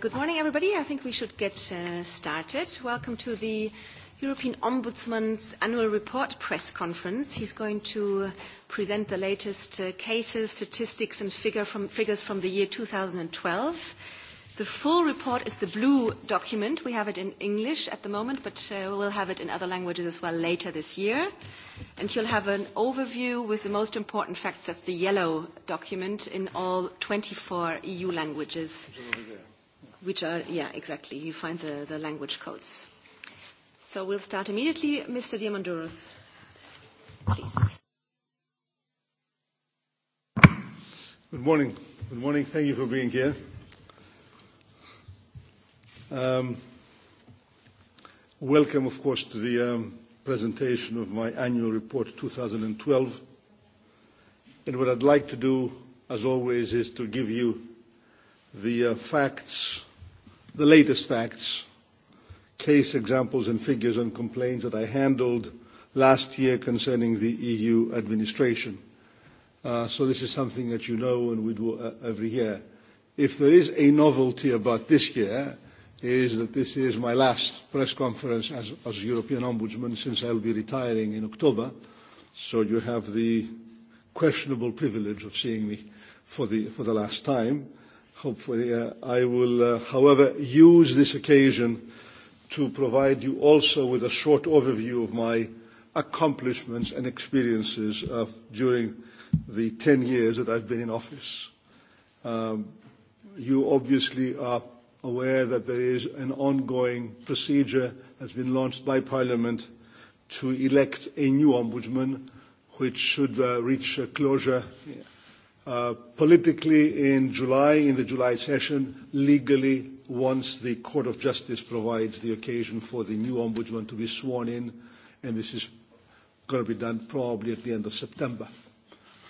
Good morning, everybody. I think we should get started. Welcome to the European Ombudsman's Annual Report Press Conference. He's going to present the latest cases, statistics, and figures from the year 2012. The full report is the blue document. We have it in English at the moment, but we'll have it in other languages as well later this year. And you'll have an overview with the most important facts. That's the yellow document in all 24 EU languages which are, yeah, exactly. You find the, the language codes. So we'll start immediately. Mr. Diamandouros, please. Good morning. Good morning. Thank you for being here. Um, welcome, of course, to the um, presentation of my annual report 2012. And what I'd like to do, as always, is to give you the facts the latest facts, case examples and figures and complaints that I handled last year concerning the EU administration. So this is something that you know and we do every year. If there is a novelty about this year, is that this is my last press conference as European Ombudsman since I'll be retiring in October. So you have the questionable privilege of seeing me for the last time. Hopefully, I will, however, use this occasion to provide you also with a short overview of my accomplishments and experiences during the 10 years that I've been in office. You obviously are aware that there is an ongoing procedure that's been launched by Parliament to elect a new ombudsman, which should reach closure politically in July, in the July session, legally once the Court of Justice provides the occasion for the new Ombudsman to be sworn in, and this is going to be done probably at the end of September,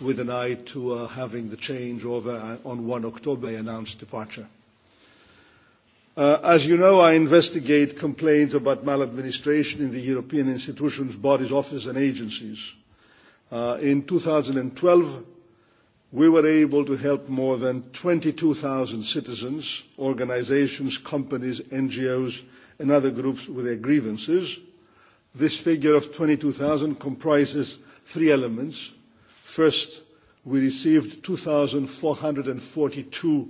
with an eye to having the change over on 1 October announced departure. As you know, I investigate complaints about maladministration in the European institutions, bodies, offices and agencies. In 2012, we were able to help more than 22,000 citizens, organisations, companies, NGOs, and other groups with their grievances. This figure of 22,000 comprises three elements. First, we received 2,442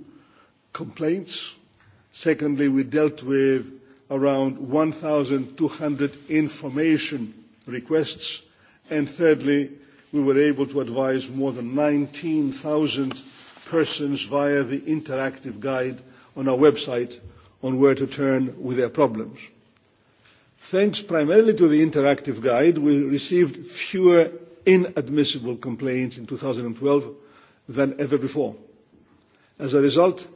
complaints. Secondly, we dealt with around 1,200 information requests. And thirdly, we were able to advise more than 19,000 persons via the interactive guide on our website on where to turn with their problems. Thanks primarily to the interactive guide, we received fewer inadmissible complaints in 2012 than ever before. As a result,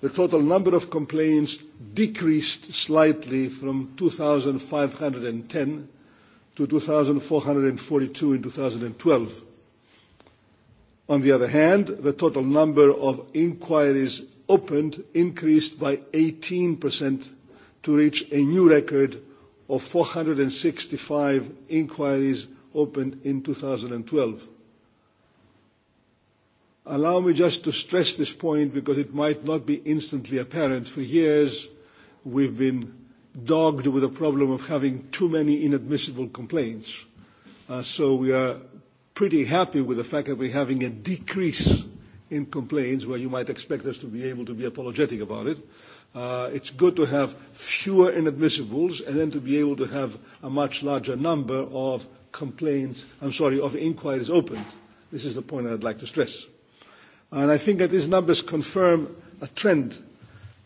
the total number of complaints decreased slightly from 2,510 to 2,442 in 2012. On the other hand, the total number of inquiries opened increased by 18% to reach a new record of 465 inquiries opened in 2012. Allow me just to stress this point because it might not be instantly apparent. For years, we've been dogged with a problem of having too many inadmissible complaints. So we are pretty happy with the fact that are having a decrease in complaints where you might expect us to be able to be apologetic about it. It's good to have fewer inadmissibles and then to be able to have a much larger number of complaints, I'm sorry, of inquiries opened. This is the point I'd like to stress. And I think that these numbers confirm a trend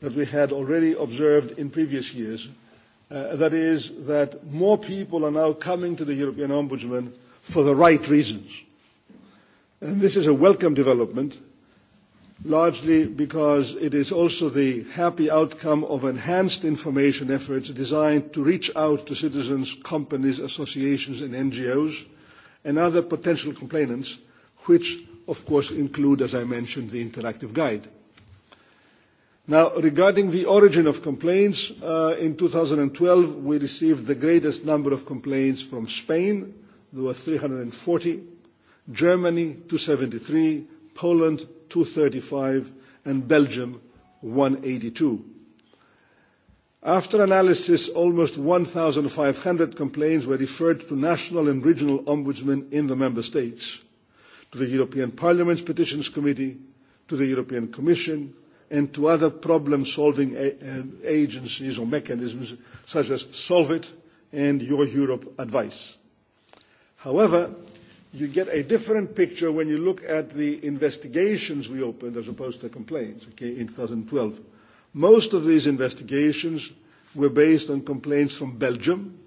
that we had already observed in previous years. That is that more people are now coming to the European Ombudsman for the right reasons. And this is a welcome development, largely because it is also the happy outcome of enhanced information efforts designed to reach out to citizens, companies, associations and NGOs and other potential complainants, which of course include, as I mentioned, the interactive guide. Now, regarding the origin of complaints, in 2012 we received the greatest number of complaints from Spain, there were 340, Germany 273, Poland 235, and Belgium 182. After analysis, almost 1,500 complaints were referred to national and regional ombudsmen in the member states, to the European Parliament's Petitions Committee, to the European Commission, and to other problem-solving agencies or mechanisms such as Solvit and Your Europe Advice. However, you get a different picture when you look at the investigations we opened as opposed to complaints in 2012. Most of these investigations were based on complaints from Belgium,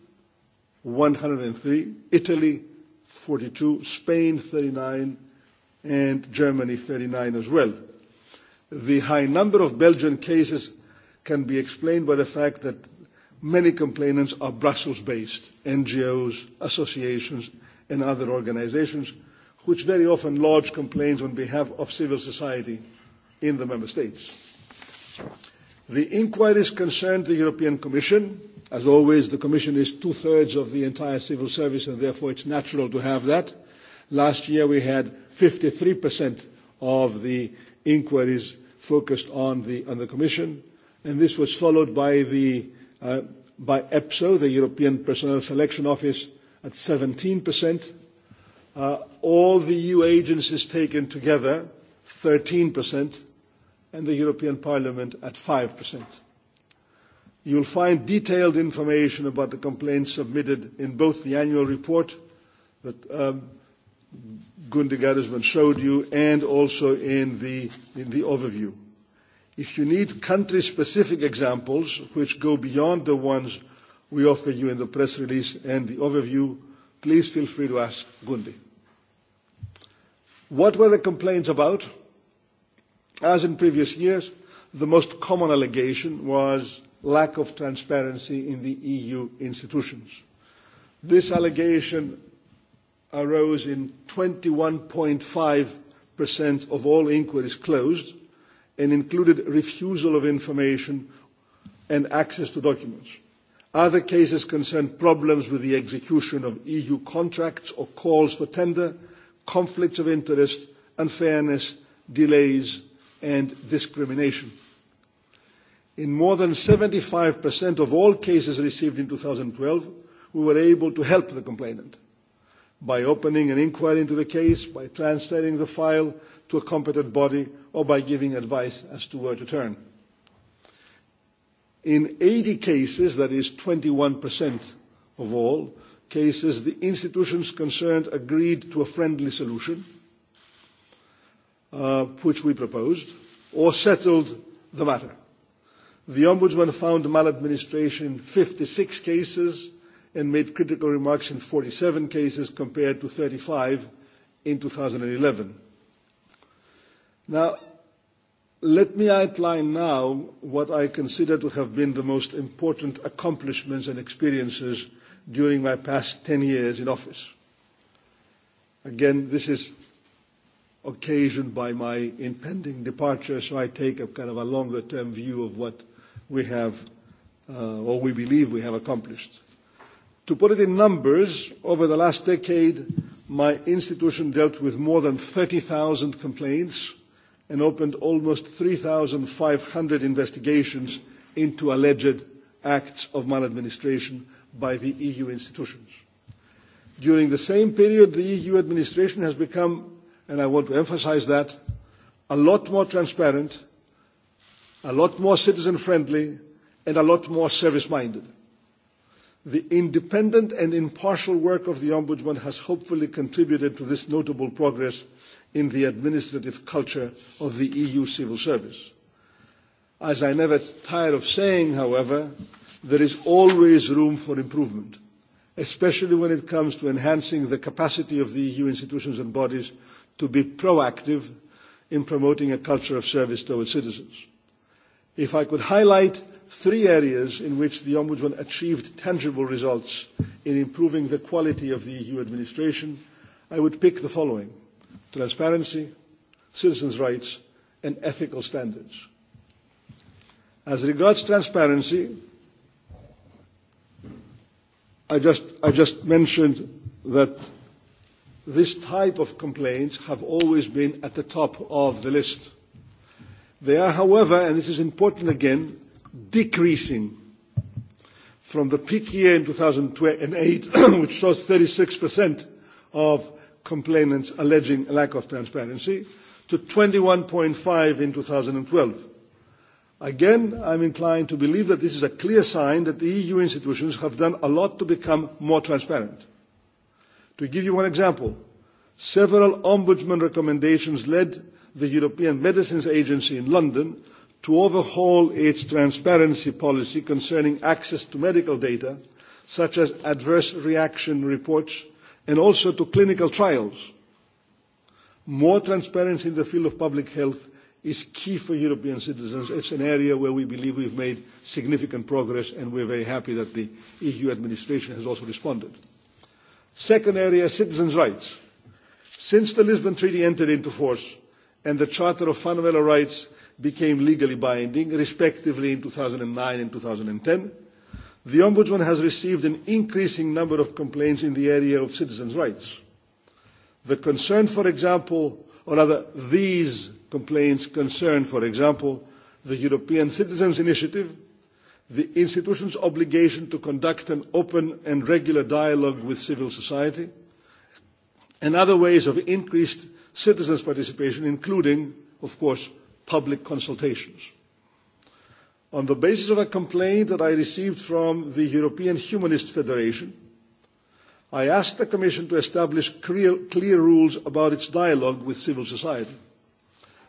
103, Italy, 42, Spain, 39, and Germany, 39 as well. The high number of Belgian cases can be explained by the fact that many complainants are Brussels-based, NGOs, associations, and other organisations, which very often lodge complaints on behalf of civil society in the Member States. The inquiries concerned the European Commission. As always, the Commission is two-thirds of the entire civil service, and therefore it's natural to have that. Last year we had 53% of the inquiries focused on the on the Commission, and this was followed by the by EPSO, the European Personnel Selection Office, at 17%. All the EU agencies taken together, 13%, and the European Parliament at 5%. You will find detailed information about the complaints submitted in both the annual report that Gunde Gadisman showed you and also in the overview. If you need country-specific examples which go beyond the ones we offer you in the press release and the overview, please feel free to ask Gundi. What were the complaints about? As in previous years, the most common allegation was lack of transparency in the EU institutions. This allegation arose in 21.5% of all inquiries closed and included refusal of information and access to documents. Other cases concerned problems with the execution of EU contracts or calls for tender, conflicts of interest, unfairness, delays and discrimination. In more than 75% of all cases received in 2012, we were able to help the complainant by opening an inquiry into the case, by transferring the file to a competent body, or by giving advice as to where to turn. In 80 cases, that is 21% of all cases, the institutions concerned agreed to a friendly solution, which we proposed, or settled the matter. The Ombudsman found maladministration in 56 cases and made critical remarks in 47 cases compared to 35 in 2011. Now, let me outline now what I consider to have been the most important accomplishments and experiences during my past 10 years in office. Again, this is occasioned by my impending departure, so I take a kind of a longer-term view of what we have, or we believe we have accomplished. To put it in numbers, over the last decade, my institution dealt with more than 30,000 complaints and opened almost 3,500 investigations into alleged acts of maladministration by the EU institutions. During the same period, the EU administration has become, and I want to emphasise that, a lot more transparent, a lot more citizen-friendly, and a lot more service-minded. The independent and impartial work of the Ombudsman has hopefully contributed to this notable progress in the administrative culture of the EU civil service. As I never tire of saying, however, there is always room for improvement, especially when it comes to enhancing the capacity of the EU institutions and bodies to be proactive in promoting a culture of service towards citizens. If I could highlight three areas in which the Ombudsman achieved tangible results in improving the quality of the EU administration, I would pick the following transparency, citizens' rights and ethical standards. As regards transparency, I just mentioned that this type of complaints have always been at the top of the list. They are, however, and this is important again, decreasing from the peak year in 2008, which shows 36% of complainants alleging a lack of transparency, to 21.5 in 2012. Again, I'm inclined to believe that this is a clear sign that the EU institutions have done a lot to become more transparent. To give you one example, several ombudsman recommendations led the European Medicines Agency in London to overhaul its transparency policy concerning access to medical data, such as adverse reaction reports, and also to clinical trials. More transparency in the field of public health is key for European citizens. It's an area where we believe we've made significant progress, and we're very happy that the EU administration has also responded. Second area, citizens' rights. Since the Lisbon Treaty entered into force and the Charter of Fundamental Rights became legally binding, respectively in 2009 and 2010, the Ombudsman has received an increasing number of complaints in the area of citizens' rights. The concern, for example, or rather these complaints concern, for example, the European Citizens' Initiative, the institution's obligation to conduct an open and regular dialogue with civil society, and other ways of increased citizens' participation, including, of course, public consultations. On the basis of a complaint that I received from the European Humanist Federation, I asked the Commission to establish clear rules about its dialogue with civil society.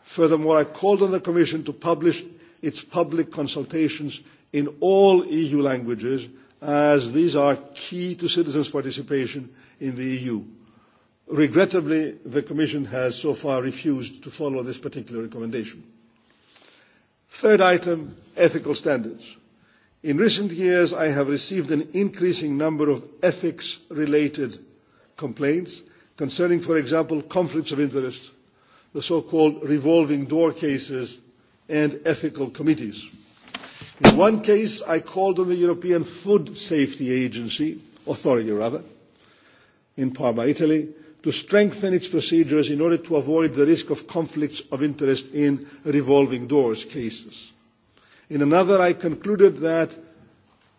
Furthermore, I called on the Commission to publish its public consultations in all EU languages, as these are key to citizens' participation in the EU. Regrettably, the Commission has so far refused to follow this particular recommendation. Third item, ethical standards. In recent years, I have received an increasing number of ethics-related complaints concerning, for example, conflicts of interest, the so-called revolving door cases, and ethical committees. In one case, I called on the European Food Safety Agency, authority rather, in Parma, Italy, to strengthen its procedures in order to avoid the risk of conflicts of interest in revolving doors cases. In another, I concluded that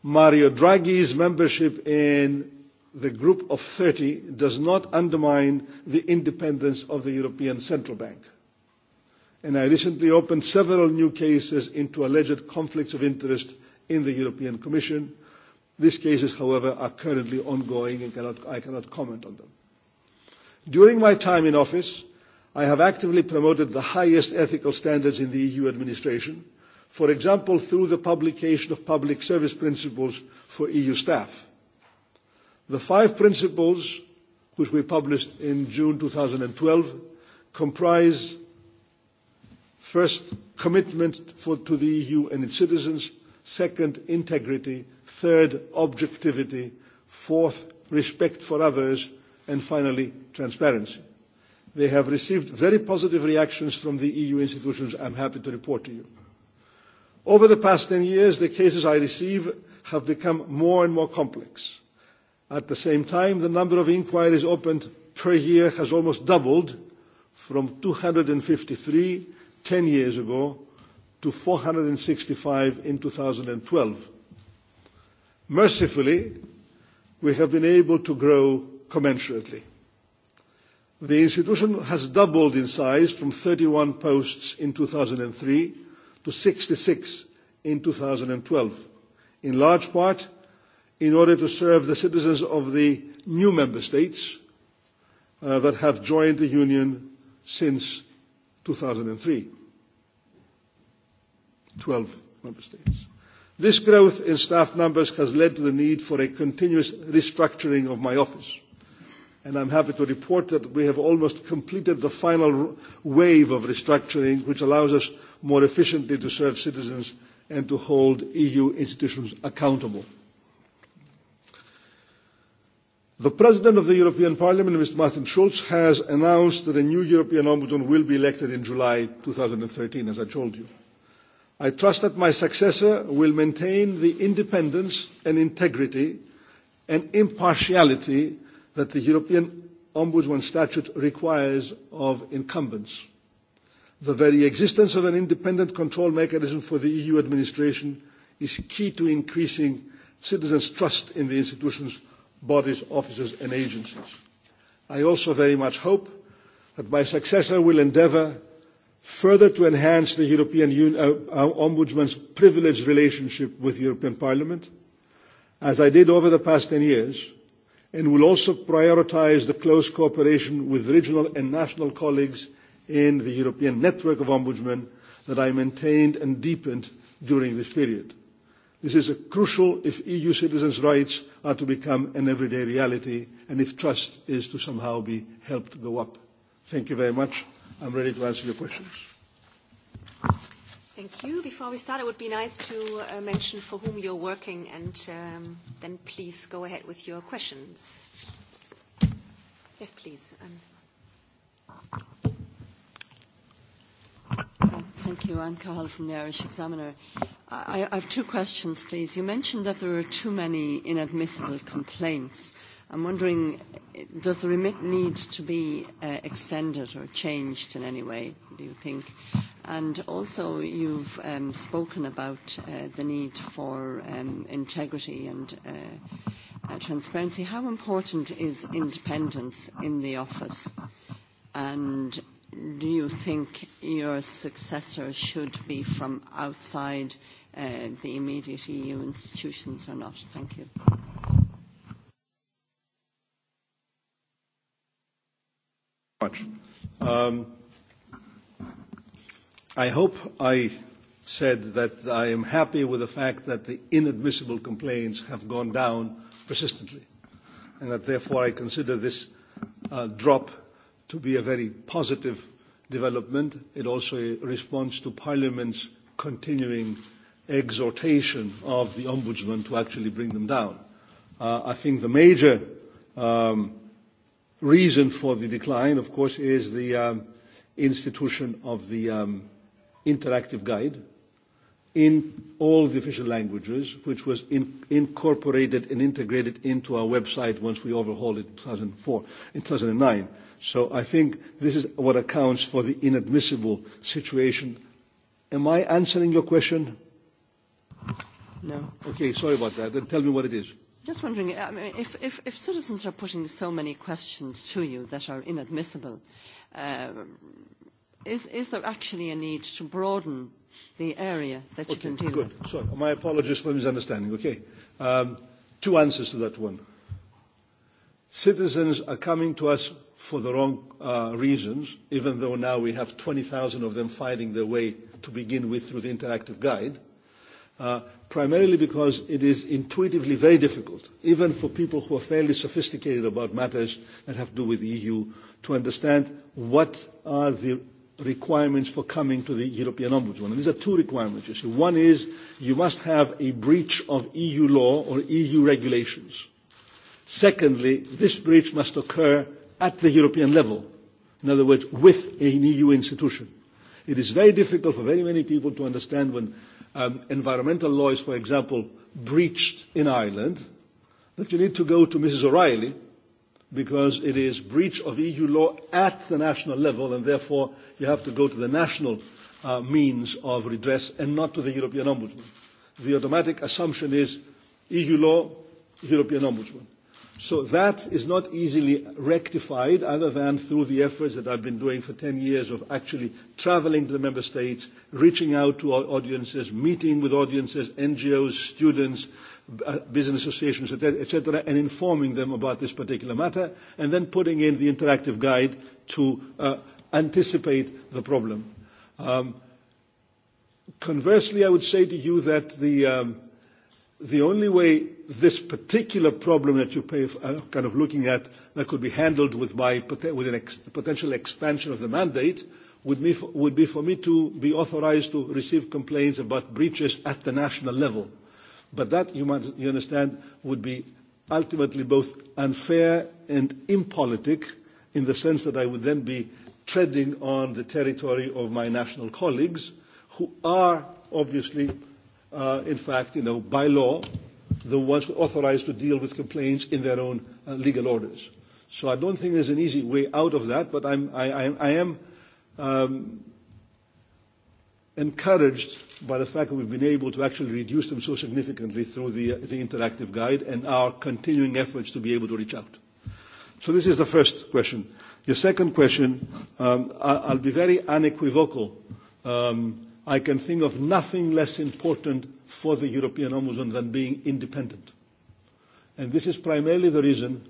Mario Draghi's membership in the Group of 30 does not undermine the independence of the European Central Bank. And I recently opened several new cases into alleged conflicts of interest in the European Commission. These cases, however, are currently ongoing and I cannot comment on them. During my time in office, I have actively promoted the highest ethical standards in the EU administration, for example through the publication of public service principles for EU staff. The five principles, which we published in June 2012, comprise first, commitment to the EU and its citizens, second, integrity, third, objectivity, fourth, respect for others, and finally transparency. They have received very positive reactions from the EU institutions, I'm happy to report to you. Over the past 10 years, the cases I receive have become more and more complex. At the same time, the number of inquiries opened per year has almost doubled from 253 10 years ago to 465 in 2012. Mercifully, we have been able to grow commensurately. The institution has doubled in size from 31 posts in 2003 to 66 in 2012, in large part in order to serve the citizens of the new member states that have joined the Union since 2003. 12 member states. This growth in staff numbers has led to the need for a continuous restructuring of my office and I'm happy to report that we have almost completed the final wave of restructuring, which allows us more efficiently to serve citizens and to hold EU institutions accountable. The President of the European Parliament, Mr. Martin Schulz, has announced that a new European Ombudsman will be elected in July 2013, as I told you. I trust that my successor will maintain the independence and integrity and impartiality that the European Ombudsman Statute requires of incumbents. The very existence of an independent control mechanism for the EU administration is key to increasing citizens' trust in the institutions, bodies, offices and agencies. I also very much hope that my successor will endeavour further to enhance the European Ombudsman's privileged relationship with the European Parliament, as I did over the past ten years, and will also prioritize the close cooperation with regional and national colleagues in the European network of ombudsmen that I maintained and deepened during this period. This is crucial if EU citizens' rights are to become an everyday reality and if trust is to somehow be helped go up. Thank you very much. I'm ready to answer your questions. Thank you. Before we start, it would be nice to mention for whom you're working, and then please go ahead with your questions. Yes, please. Thank you. Anne Cahill from the Irish Examiner. I have two questions, please. You mentioned that there are too many inadmissible complaints. I'm wondering, does the remit need to be extended or changed in any way, do you think? And also you've spoken about the need for integrity and transparency. How important is independence in the office? And do you think your successor should be from outside the immediate EU institutions or not? Thank you. I hope I said that I am happy with the fact that the inadmissible complaints have gone down persistently, and that therefore I consider this drop to be a very positive development. It also responds to Parliament's continuing exhortation of the Ombudsman to actually bring them down. I think the major reason for the decline, of course, is the institution of the interactive guide in all the official languages, which was incorporated and integrated into our website once we overhauled it in 2004, in 2009. So I think this is what accounts for the inadmissible situation. Am I answering your question? No. Okay, sorry about that. Then tell me what it is. Just wondering, if citizens are putting so many questions to you that are inadmissible, Is there actually a need to broaden the area that you can deal with? Good. Sorry, my apologies for misunderstanding. Okay. Two answers to that one. Citizens are coming to us for the wrong reasons, even though now we have 20,000 of them finding their way to begin with through the interactive guide, primarily because it is intuitively very difficult, even for people who are fairly sophisticated about matters that have to do with the EU, to understand what are the requirements for coming to the European Ombudsman. And these are two requirements. You see. One is you must have a breach of EU law or EU regulations. Secondly, this breach must occur at the European level. In other words, with an EU institution. It is very difficult for very many people to understand when environmental law is, for example, breached in Ireland, that you need to go to Mrs. O'Reilly because it is breach of EU law at the national level, and therefore you have to go to the national means of redress and not to the European Ombudsman. The automatic assumption is EU law, European Ombudsman. So that is not easily rectified other than through the efforts that I've been doing for 10 years of actually traveling to the member states, reaching out to audiences, meeting with audiences, NGOs, students, business associations, etc., and informing them about this particular matter, and then putting in the interactive guide to anticipate the problem. Conversely, I would say to you that the the only way this particular problem that you pay kind of looking at that could be handled with my with an potential expansion of the mandate would be for me to be authorized to receive complaints about breaches at the national level But that, you understand, would be ultimately both unfair and impolitic in the sense that I would then be treading on the territory of my national colleagues who are obviously, in fact, you know, by law, the ones authorized to deal with complaints in their own legal orders. So I don't think there's an easy way out of that, but I'm, I, I am encouraged by the fact that we've been able to actually reduce them so significantly through the interactive guide and our continuing efforts to be able to reach out. So this is the first question. The second question, I'll be very unequivocal. I can think of nothing less important for the European Ombudsman than being independent. And this is primarily the reason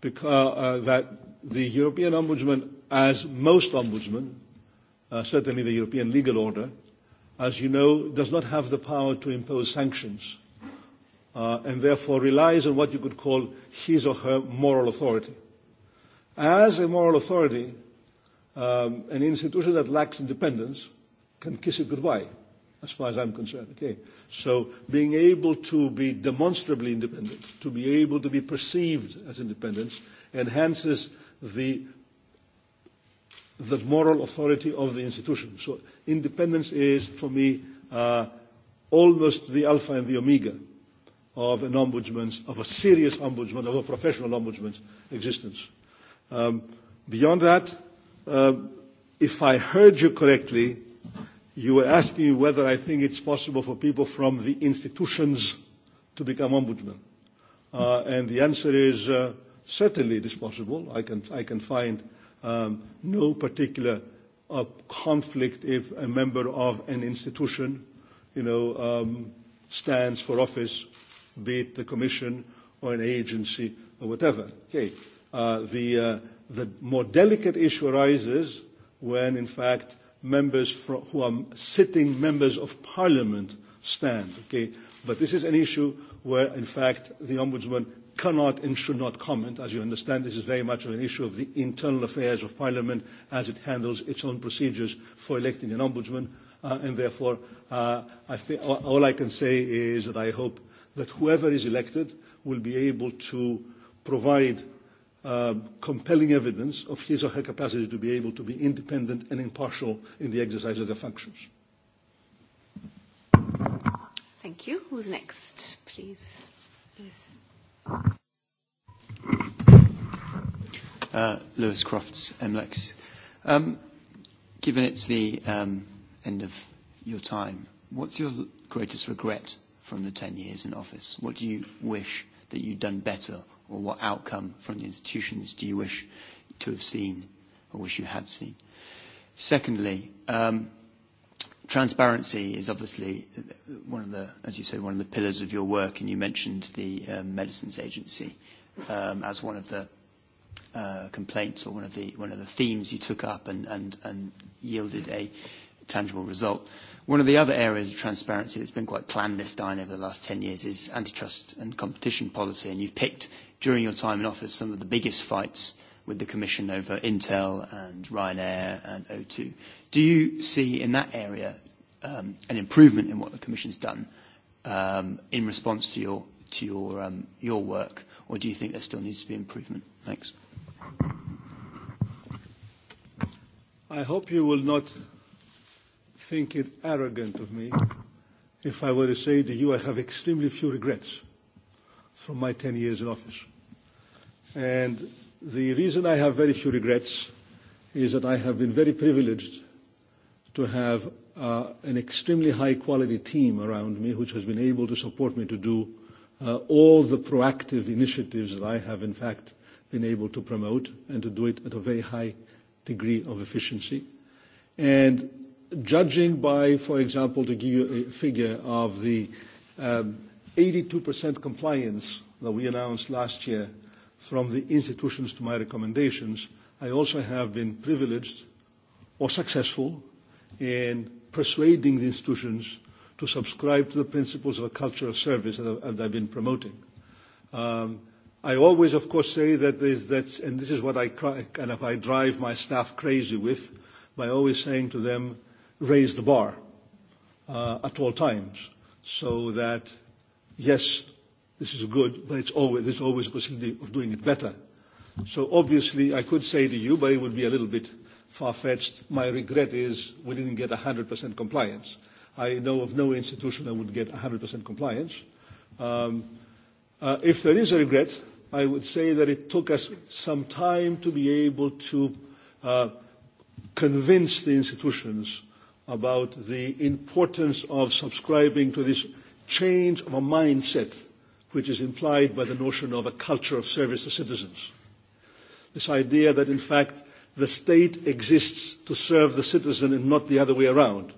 that the European Ombudsman, as most ombudsmen, certainly the European legal order, as you know, does not have the power to impose sanctions and therefore relies on what you could call his or her moral authority. As a moral authority, an institution that lacks independence can kiss it goodbye, as far as I'm concerned. Okay? So being able to be demonstrably independent, to be able to be perceived as independent, enhances the the moral authority of the institution. So independence is, for me, almost the alpha and the omega of an ombudsman's, of a serious ombudsman, of a professional ombudsman's existence. Beyond that, if I heard you correctly, you were asking me whether I think it's possible for people from the institutions to become ombudsmen. And the answer is certainly it is possible. I can find no particular conflict if a member of an institution, you know, stands for office, be it the Commission or an agency or whatever. Okay. The the more delicate issue arises when, in fact, members who are sitting members of Parliament stand. Okay. But this is an issue where, in fact, the Ombudsman cannot and should not comment. As you understand, this is very much an issue of the internal affairs of Parliament as it handles its own procedures for electing an ombudsman. And therefore, I all I can say is that I hope that whoever is elected will be able to provide compelling evidence of his or her capacity to be able to be independent and impartial in the exercise of their functions. Thank you. Who's next, please? Lewis Crofts, MLEX. Given it's the end of your time, what's your greatest regret from the 10 years in office? What do you wish that you'd done better, or what outcome from the institutions do you wish to have seen, or wish you had seen? Secondly, Transparency is obviously one of the, as you said, one of the pillars of your work, and you mentioned the Medicines Agency as one of the complaints or one of the one of the themes you took up and and and yielded a tangible result. One of the other areas of transparency that's been quite clandestine over the last 10 years is antitrust and competition policy, and you've picked during your time in office some of the biggest fights with the Commission over Intel and Ryanair and O2. Do you see in that area an improvement in what the Commission's done in response to your work, or do you think there still needs to be improvement? Thanks. I hope you will not think it arrogant of me if I were to say to you I have extremely few regrets from my 10 years in office. And The reason I have very few regrets is that I have been very privileged to have an extremely high quality team around me which has been able to support me to do all the proactive initiatives that I have in fact been able to promote and to do it at a very high degree of efficiency. And judging by, for example, to give you a figure of the 82% compliance that we announced last year from the institutions to my recommendations, I also have been privileged or successful in persuading the institutions to subscribe to the principles of a culture of service that I've been promoting. I always, of course, say that, that's, and this is what I kind of I drive my staff crazy with, by always saying to them, raise the bar at all times, so that yes, this is good, but it's always, there's always a possibility of doing it better. So obviously, I could say to you, but it would be a little bit far-fetched, my regret is we didn't get 100% compliance. I know of no institution that would get 100% compliance. Um, if there is a regret, I would say that it took us some time to be able to uh, convince the institutions about the importance of subscribing to this change of a mindset which is implied by the notion of a culture of service to citizens. This idea that, in fact, the state exists to serve the citizen and not the other way around.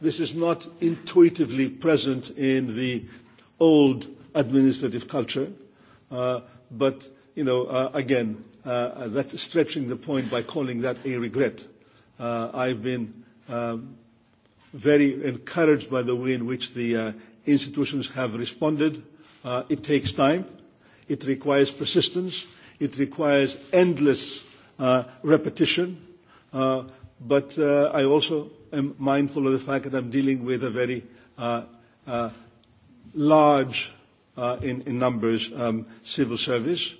This is not intuitively present in the old administrative culture, but, you know, again, that's stretching the point by calling that a regret. I've been very encouraged by the way in which the institutions have responded. It takes time. It requires persistence. It requires endless repetition. But I also am mindful of the fact that I'm dealing with a very large, in numbers, civil service,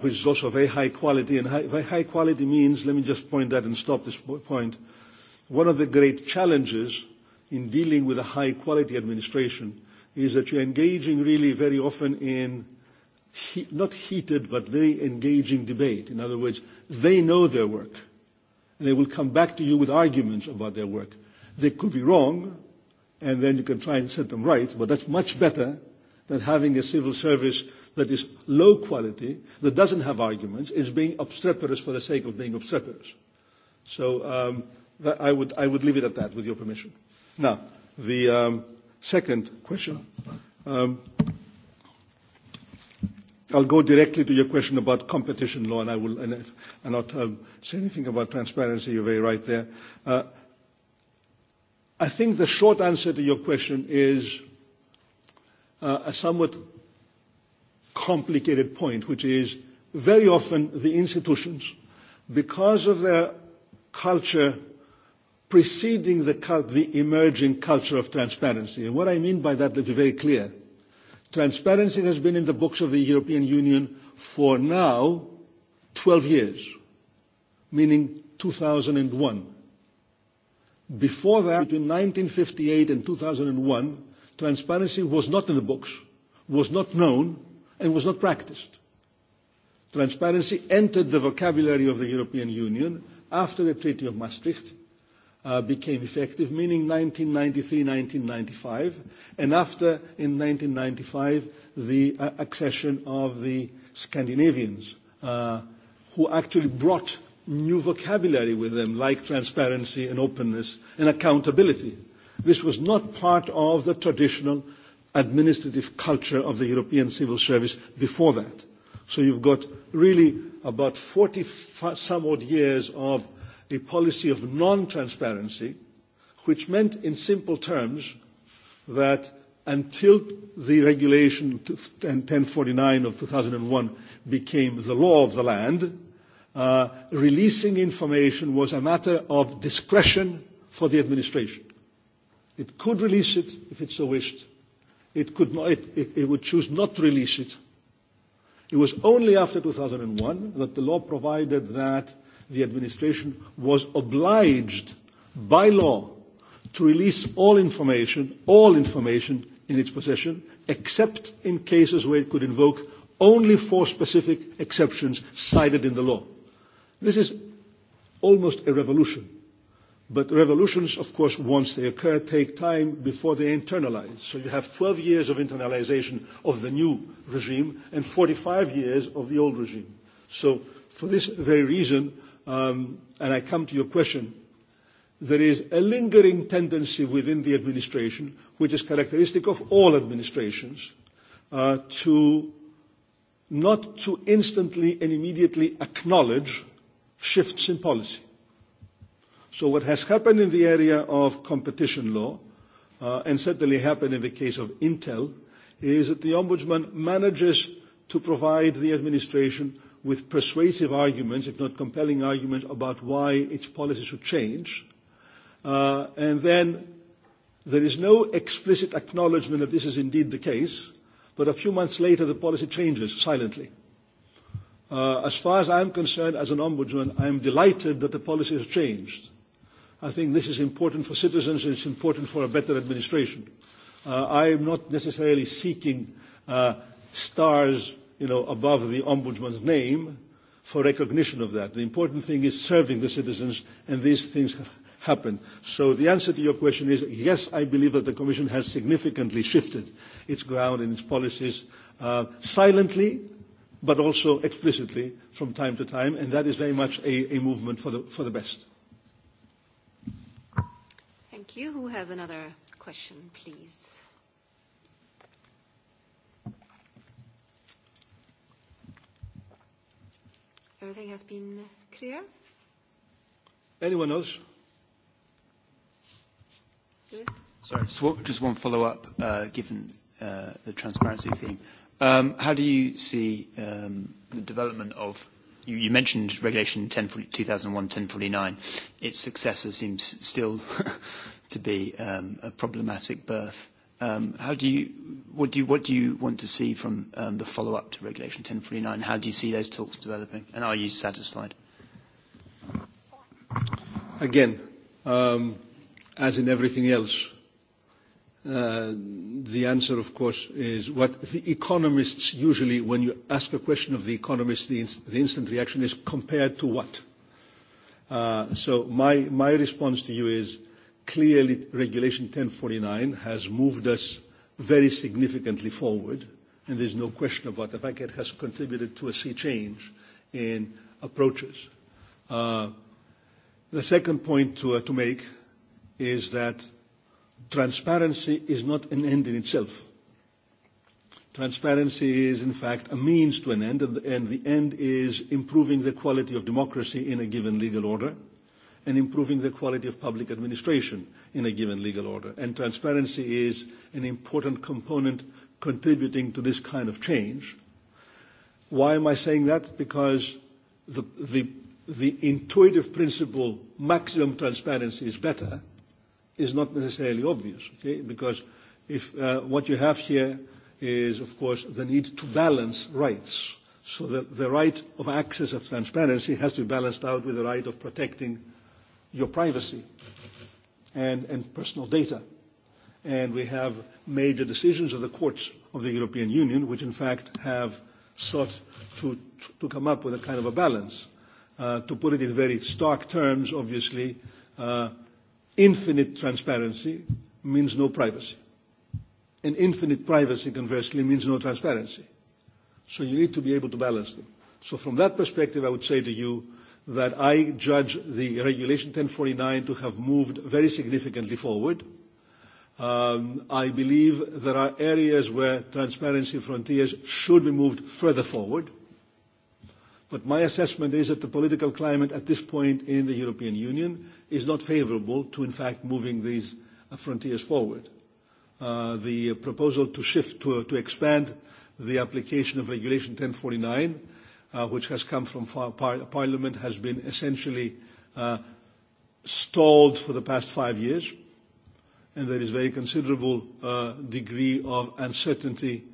which is also very high quality. And very high quality means, let me just point that and stop this point, one of the great challenges in dealing with a high-quality administration is that you're engaging really very often in not heated but very engaging debate. In other words, they know their work. and They will come back to you with arguments about their work. They could be wrong, and then you can try and set them right, but that's much better than having a civil service that is low quality, that doesn't have arguments, is being obstreperous for the sake of being obstreperous. So I would I would leave it at that, with your permission. Now, the second question. I'll go directly to your question about competition law, and I will not say anything about transparency. You're very right there. I think the short answer to your question is a somewhat complicated point, which is very often the institutions, because of their culture preceding the emerging culture of transparency. And what I mean by that, let me be very clear. Transparency has been in the books of the European Union for now 12 years, meaning 2001. Before that, between 1958 and 2001, transparency was not in the books, was not known, and was not practiced. Transparency entered the vocabulary of the European Union after the Treaty of Maastricht became effective, meaning 1993-1995, and after, in 1995, the accession of the Scandinavians, who actually brought new vocabulary with them, like transparency and openness and accountability. This was not part of the traditional administrative culture of the European civil service before that. So you've got really about 40 some odd years of a policy of non-transparency, which meant in simple terms that until the regulation 1049 of 2001 became the law of the land, releasing information was a matter of discretion for the administration. It could release it if it so wished. It could not. It would choose not to release it. It was only after 2001 that the law provided that the administration was obliged by law to release all information, all information in its possession, except in cases where it could invoke only four specific exceptions cited in the law. This is almost a revolution. But revolutions, of course, once they occur, take time before they internalize. So you have 12 years of internalization of the new regime and 45 years of the old regime. So For this very reason, and I come to your question, there is a lingering tendency within the administration, which is characteristic of all administrations, to not to instantly and immediately acknowledge shifts in policy. So what has happened in the area of competition law, and certainly happened in the case of Intel, is that the Ombudsman manages to provide the administration with persuasive arguments, if not compelling arguments, about why its policy should change. And then there is no explicit acknowledgement that this is indeed the case, but a few months later the policy changes silently. As far as I am concerned, as an ombudsman, I am delighted that the policy has changed. I think this is important for citizens and it's important for a better administration. I am not necessarily seeking stars you know, above the ombudsman's name for recognition of that. The important thing is serving the citizens, and these things happen. So the answer to your question is yes, I believe that the Commission has significantly shifted its ground and its policies silently, but also explicitly from time to time, and that is very much a movement for the best. Thank you. Who has another question, please? Everything has been clear? Anyone else? Sorry, just one follow-up, given the transparency theme. How do you see the development of, you mentioned Regulation 2001-1049. Its successor seems still to be a problematic birth. How do you, what do you, what do you want to see from the follow-up to Regulation 1049? How do you see those talks developing, and are you satisfied? Again, as in everything else, the answer, of course, is what the economists usually, when you ask a question of the economists, the instant reaction is compared to what. So my my response to you is Clearly, Regulation 1049 has moved us very significantly forward, and there's no question about the fact it has contributed to a sea change in approaches. The second point to make is that transparency is not an end in itself. Transparency is, in fact, a means to an end, and the end is improving the quality of democracy in a given legal order and improving the quality of public administration in a given legal order. And transparency is an important component contributing to this kind of change. Why am I saying that? Because the, the, intuitive principle, maximum transparency is better, is not necessarily obvious, okay? Because if what you have here is, of course, the need to balance rights. So the, the right of access of transparency has to be balanced out with the right of protecting your privacy and, and personal data. And we have made the decisions of the courts of the European Union, which in fact have sought to, to come up with a kind of a balance. to put it in very stark terms, obviously, infinite transparency means no privacy. And infinite privacy, conversely, means no transparency. So you need to be able to balance them. So from that perspective, I would say to you, that I judge the Regulation 1049 to have moved very significantly forward. I believe there are areas where transparency frontiers should be moved further forward. But my assessment is that the political climate at this point in the European Union is not favorable to, in fact, moving these frontiers forward. The proposal to shift, to expand the application of Regulation 1049 which has come from Parliament has been essentially stalled for the past five years, and there is very considerable degree of uncertainty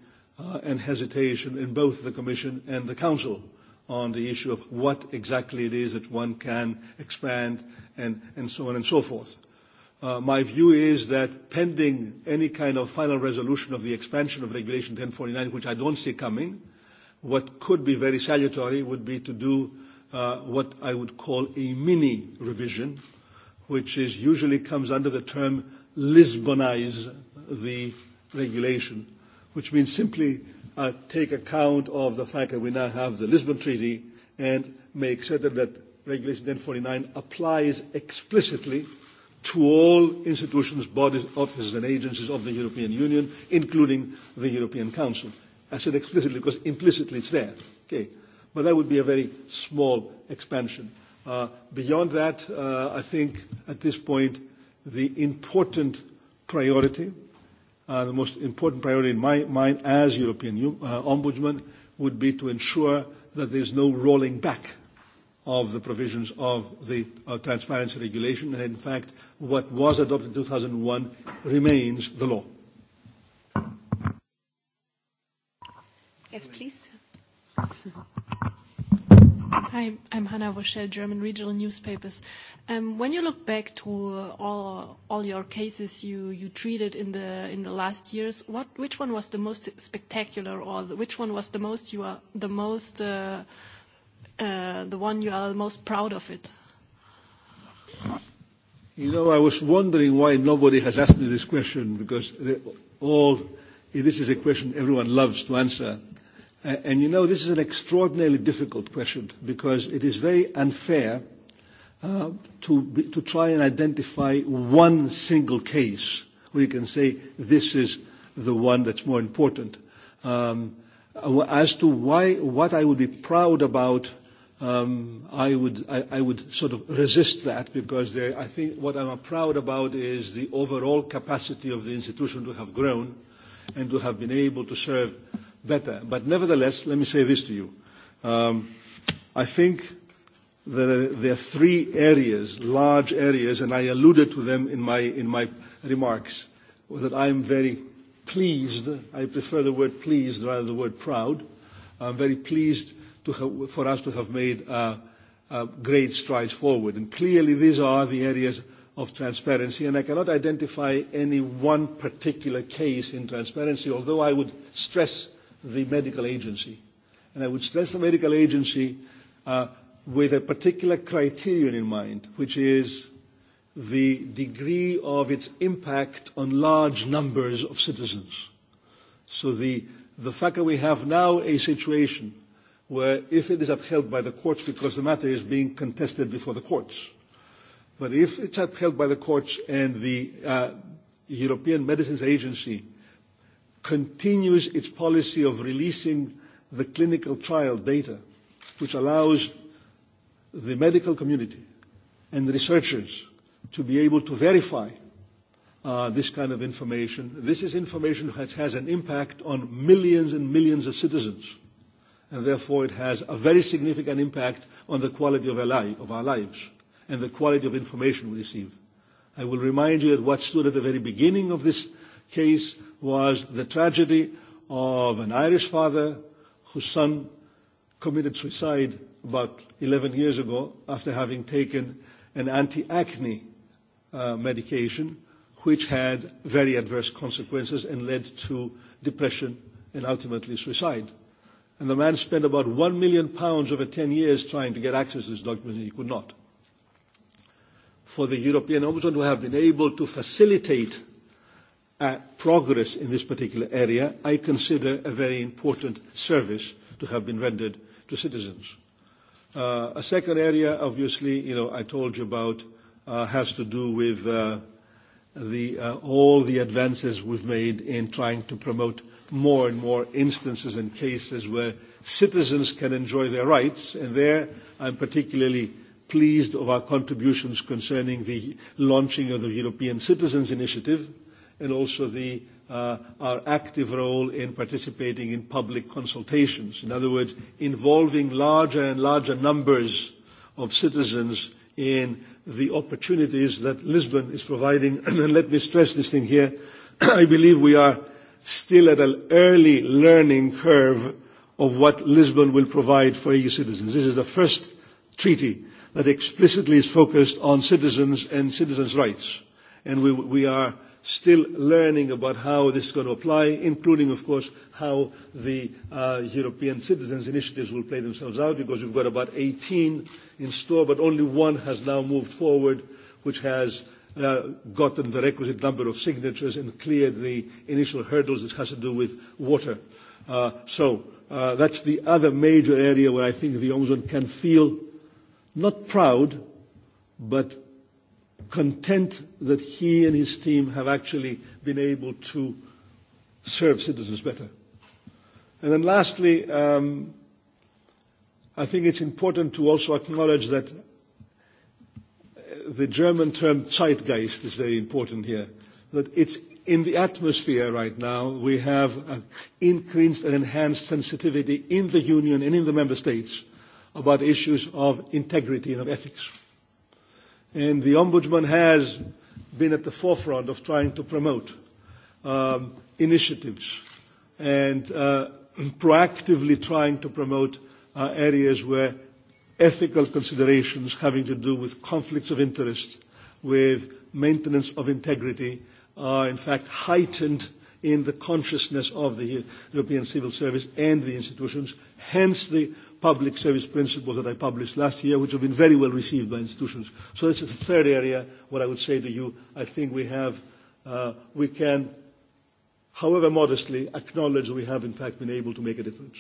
and hesitation in both the Commission and the Council on the issue of what exactly it is that one can expand and so on and so forth. My view is that pending any kind of final resolution of the expansion of Regulation 1049, which I don't see coming, what could be very salutary would be to do what I would call a mini revision, which is usually comes under the term Lisbonize the regulation, which means simply take account of the fact that we now have the Lisbon Treaty and make certain that Regulation 1049 applies explicitly to all institutions, bodies, offices and agencies of the European Union, including the European Council. I said explicitly because implicitly it's there. Okay. But that would be a very small expansion. Beyond that, I think at this point the important priority, the most important priority in my mind as European Ombudsman would be to ensure that there is no rolling back of the provisions of the transparency regulation. And in fact, what was adopted in 2001 remains the law. Yes, please. Hi, I'm Hannah Voschel, German Regional Newspapers. When you look back to all all your cases you treated in the in the last years, what which one was the most spectacular, or which one was the most you are the most the one you are most proud of it? You know, I was wondering why nobody has asked me this question because all this is a question everyone loves to answer And you know, this is an extraordinarily difficult question because it is very unfair to try and identify one single case where you can say this is the one that's more important. As to why, what I would be proud about, I would I would sort of resist that because I think what I'm proud about is the overall capacity of the institution to have grown and to have been able to serve better. But nevertheless, let me say this to you. I think there are three areas, large areas, and I alluded to them in my, in my remarks, that I am very pleased, I prefer the word pleased rather than the word proud, I'm very pleased to have, for us to have made uh, uh, great strides forward. And clearly these are the areas of transparency, and I cannot identify any one particular case in transparency, although I would stress the medical agency. And I would stress the medical agency with a particular criterion in mind, which is the degree of its impact on large numbers of citizens. So the the fact that we have now a situation where if it is upheld by the courts because the matter is being contested before the courts, but if it's upheld by the courts and the European Medicines Agency continues its policy of releasing the clinical trial data, which allows the medical community and researchers to be able to verify this kind of information. This is information that has an impact on millions and millions of citizens, and therefore it has a very significant impact on the quality of our lives and the quality of information we receive. I will remind you that what stood at the very beginning of this case was the tragedy of an Irish father whose son committed suicide about 11 years ago after having taken an anti-acne medication which had very adverse consequences and led to depression and ultimately suicide. And the man spent about 1 million pounds over 10 years trying to get access to this document and he could not. For the European Ombudsman to have been able to facilitate progress in this particular area, I consider a very important service to have been rendered to citizens. A second area, obviously, you know, I told you about, has to do with the all the advances we've made in trying to promote more and more instances and cases where citizens can enjoy their rights. And there, I am particularly pleased of our contributions concerning the launching of the European Citizens Initiative and also the our active role in participating in public consultations. In other words, involving larger and larger numbers of citizens in the opportunities that Lisbon is providing. And let me stress this thing here. I believe we are still at an early learning curve of what Lisbon will provide for EU citizens. This is the first treaty that explicitly is focused on citizens and citizens' rights. And we are still learning about how this is going to apply, including, of course, how the European citizens' initiatives will play themselves out, because we've got about 18 in store, but only one has now moved forward, which has gotten the requisite number of signatures and cleared the initial hurdles. that has to do with water. So that's the other major area where I think the Amazon can feel not proud, but content that he and his team have actually been able to serve citizens better. And then lastly, I think it's important to also acknowledge that the German term Zeitgeist is very important here, that it's in the atmosphere right now. We have an increased and enhanced sensitivity in the Union and in the Member States about issues of integrity and of ethics and the Ombudsman has been at the forefront of trying to promote initiatives and proactively trying to promote areas where ethical considerations having to do with conflicts of interest, with maintenance of integrity, are in fact heightened in the consciousness of the European civil service and the institutions, hence the public service principles that I published last year, which have been very well received by institutions. So this is the third area where I would say to you, I think we have, we can, however modestly, acknowledge we have in fact been able to make a difference.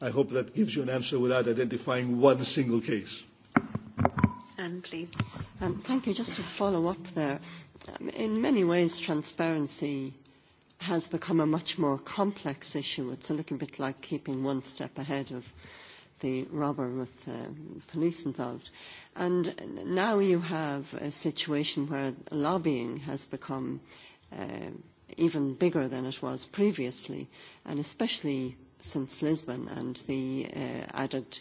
I hope that gives you an answer without identifying one single case. Anne, please. Thank you. Just to follow up there, in many ways transparency has become a much more complex issue. It's a little bit like keeping one step ahead of the robber with the police involved. And now you have a situation where lobbying has become even bigger than it was previously, and especially since Lisbon and the added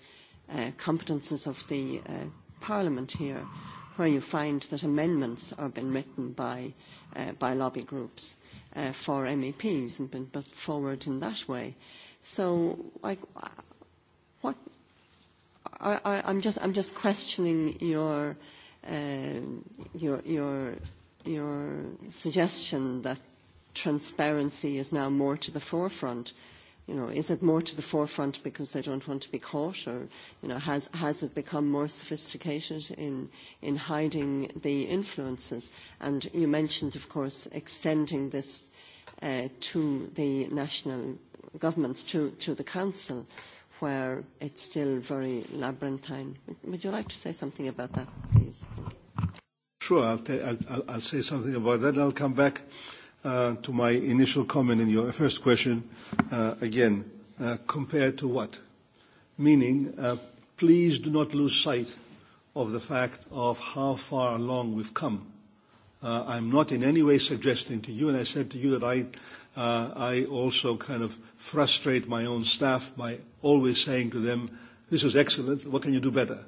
competences of the Parliament here, where you find that amendments are being written by lobby groups for MEPs and been put forward in that way. So like what I I'm just I'm just questioning your your your suggestion that transparency is now more to the forefront You know, is it more to the forefront because they don't want to be caught, or you know, has has it become more sophisticated in in hiding the influences? And you mentioned, of course, extending this to the national governments, to to the council, where it's still very labyrinthine. Would you like to say something about that, please? Sure, I'll I'll say something about that. I'll come back to my initial comment in your first question, again, compared to what? Meaning, please do not lose sight of the fact of how far along we've come. I'm not in any way suggesting to you, and I said to you that I also kind of frustrate my own staff by always saying to them, this is excellent, what can you do better?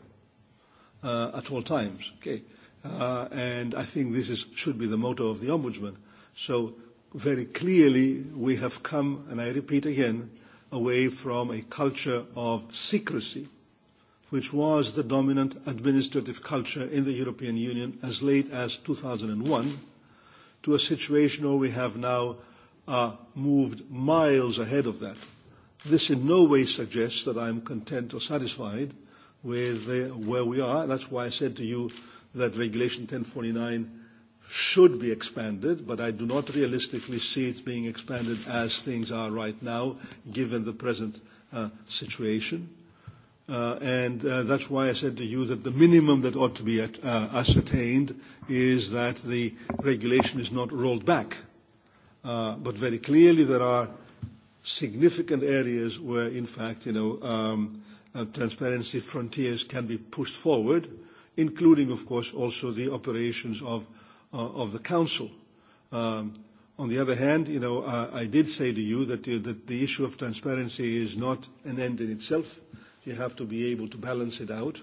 At all times. Okay. And I think this should be the motto of the Ombudsman. So very clearly we have come, and I repeat again, away from a culture of secrecy, which was the dominant administrative culture in the European Union as late as 2001, to a situation where we have now moved miles ahead of that. This in no way suggests that I am content or satisfied with where we are. That's why I said to you that Regulation 1049 should be expanded, but I do not realistically see it being expanded as things are right now, given the present situation. And that's why I said to you that the minimum that ought to be ascertained is that the regulation is not rolled back. But very clearly there are significant areas where, in fact, you know, transparency frontiers can be pushed forward, including, of course, also the operations of of the Council. On the other hand, you know, I did say to you that the issue of transparency is not an end in itself. You have to be able to balance it out,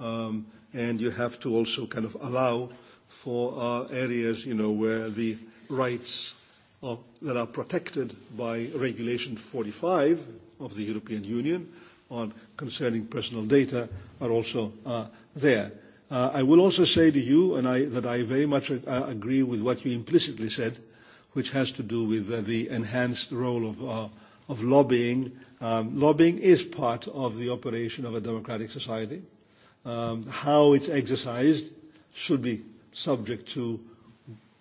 and you have to also kind of allow for areas, you know, where the rights that are protected by Regulation 45 of the European Union on concerning personal data are also there. I will also say to you, and I that I very much agree with what you implicitly said, which has to do with the enhanced role of lobbying. Lobbying is part of the operation of a democratic society. How it's exercised should be subject to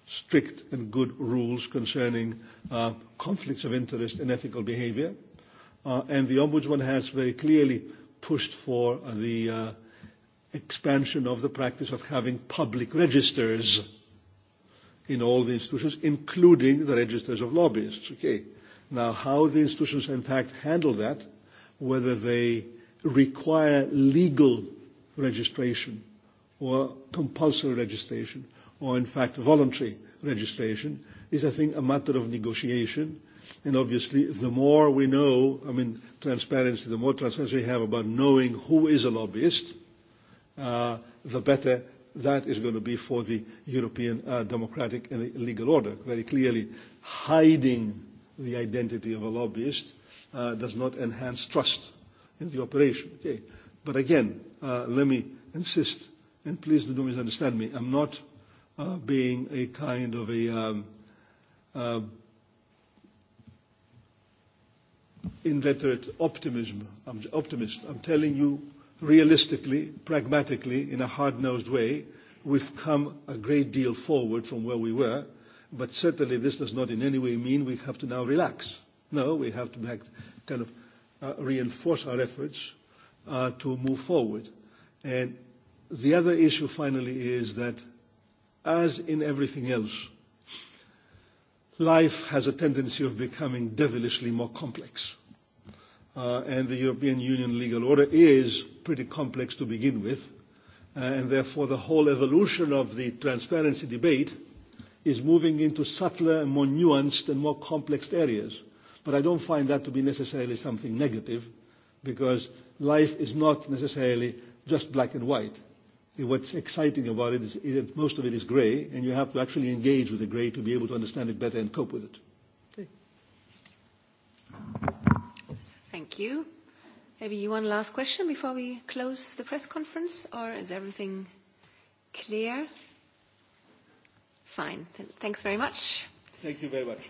strict and good rules concerning conflicts of interest and ethical behavior. And the Ombudsman has very clearly pushed for the expansion of the practice of having public registers in all the institutions, including the registers of lobbyists. Okay. Now, how the institutions in fact handle that, whether they require legal registration or compulsory registration or in fact voluntary registration, is I think a matter of negotiation. And obviously, the more we know, I mean, transparency, the more transparency we have about knowing who is a lobbyist, the better that is going to be for the European democratic and legal order. Very clearly, hiding the identity of a lobbyist does not enhance trust in the operation. Okay. But again, let me insist, and please do not misunderstand me, I'm not being a kind of a inveterate optimism. I'm optimist. I'm telling you realistically, pragmatically, in a hard-nosed way, we've come a great deal forward from where we were, but certainly this does not in any way mean we have to now relax. No, we have to kind of reinforce our efforts to move forward. And the other issue finally is that, as in everything else, life has a tendency of becoming devilishly more complex and the European Union legal order is pretty complex to begin with, and therefore the whole evolution of the transparency debate is moving into subtler and more nuanced and more complex areas. But I don't find that to be necessarily something negative, because life is not necessarily just black and white. What's exciting about it is that most of it is grey, and you have to actually engage with the grey to be able to understand it better and cope with it. Thank you. Maybe one last question before we close the press conference, or is everything clear? Fine. Thanks very much. Thank you very much.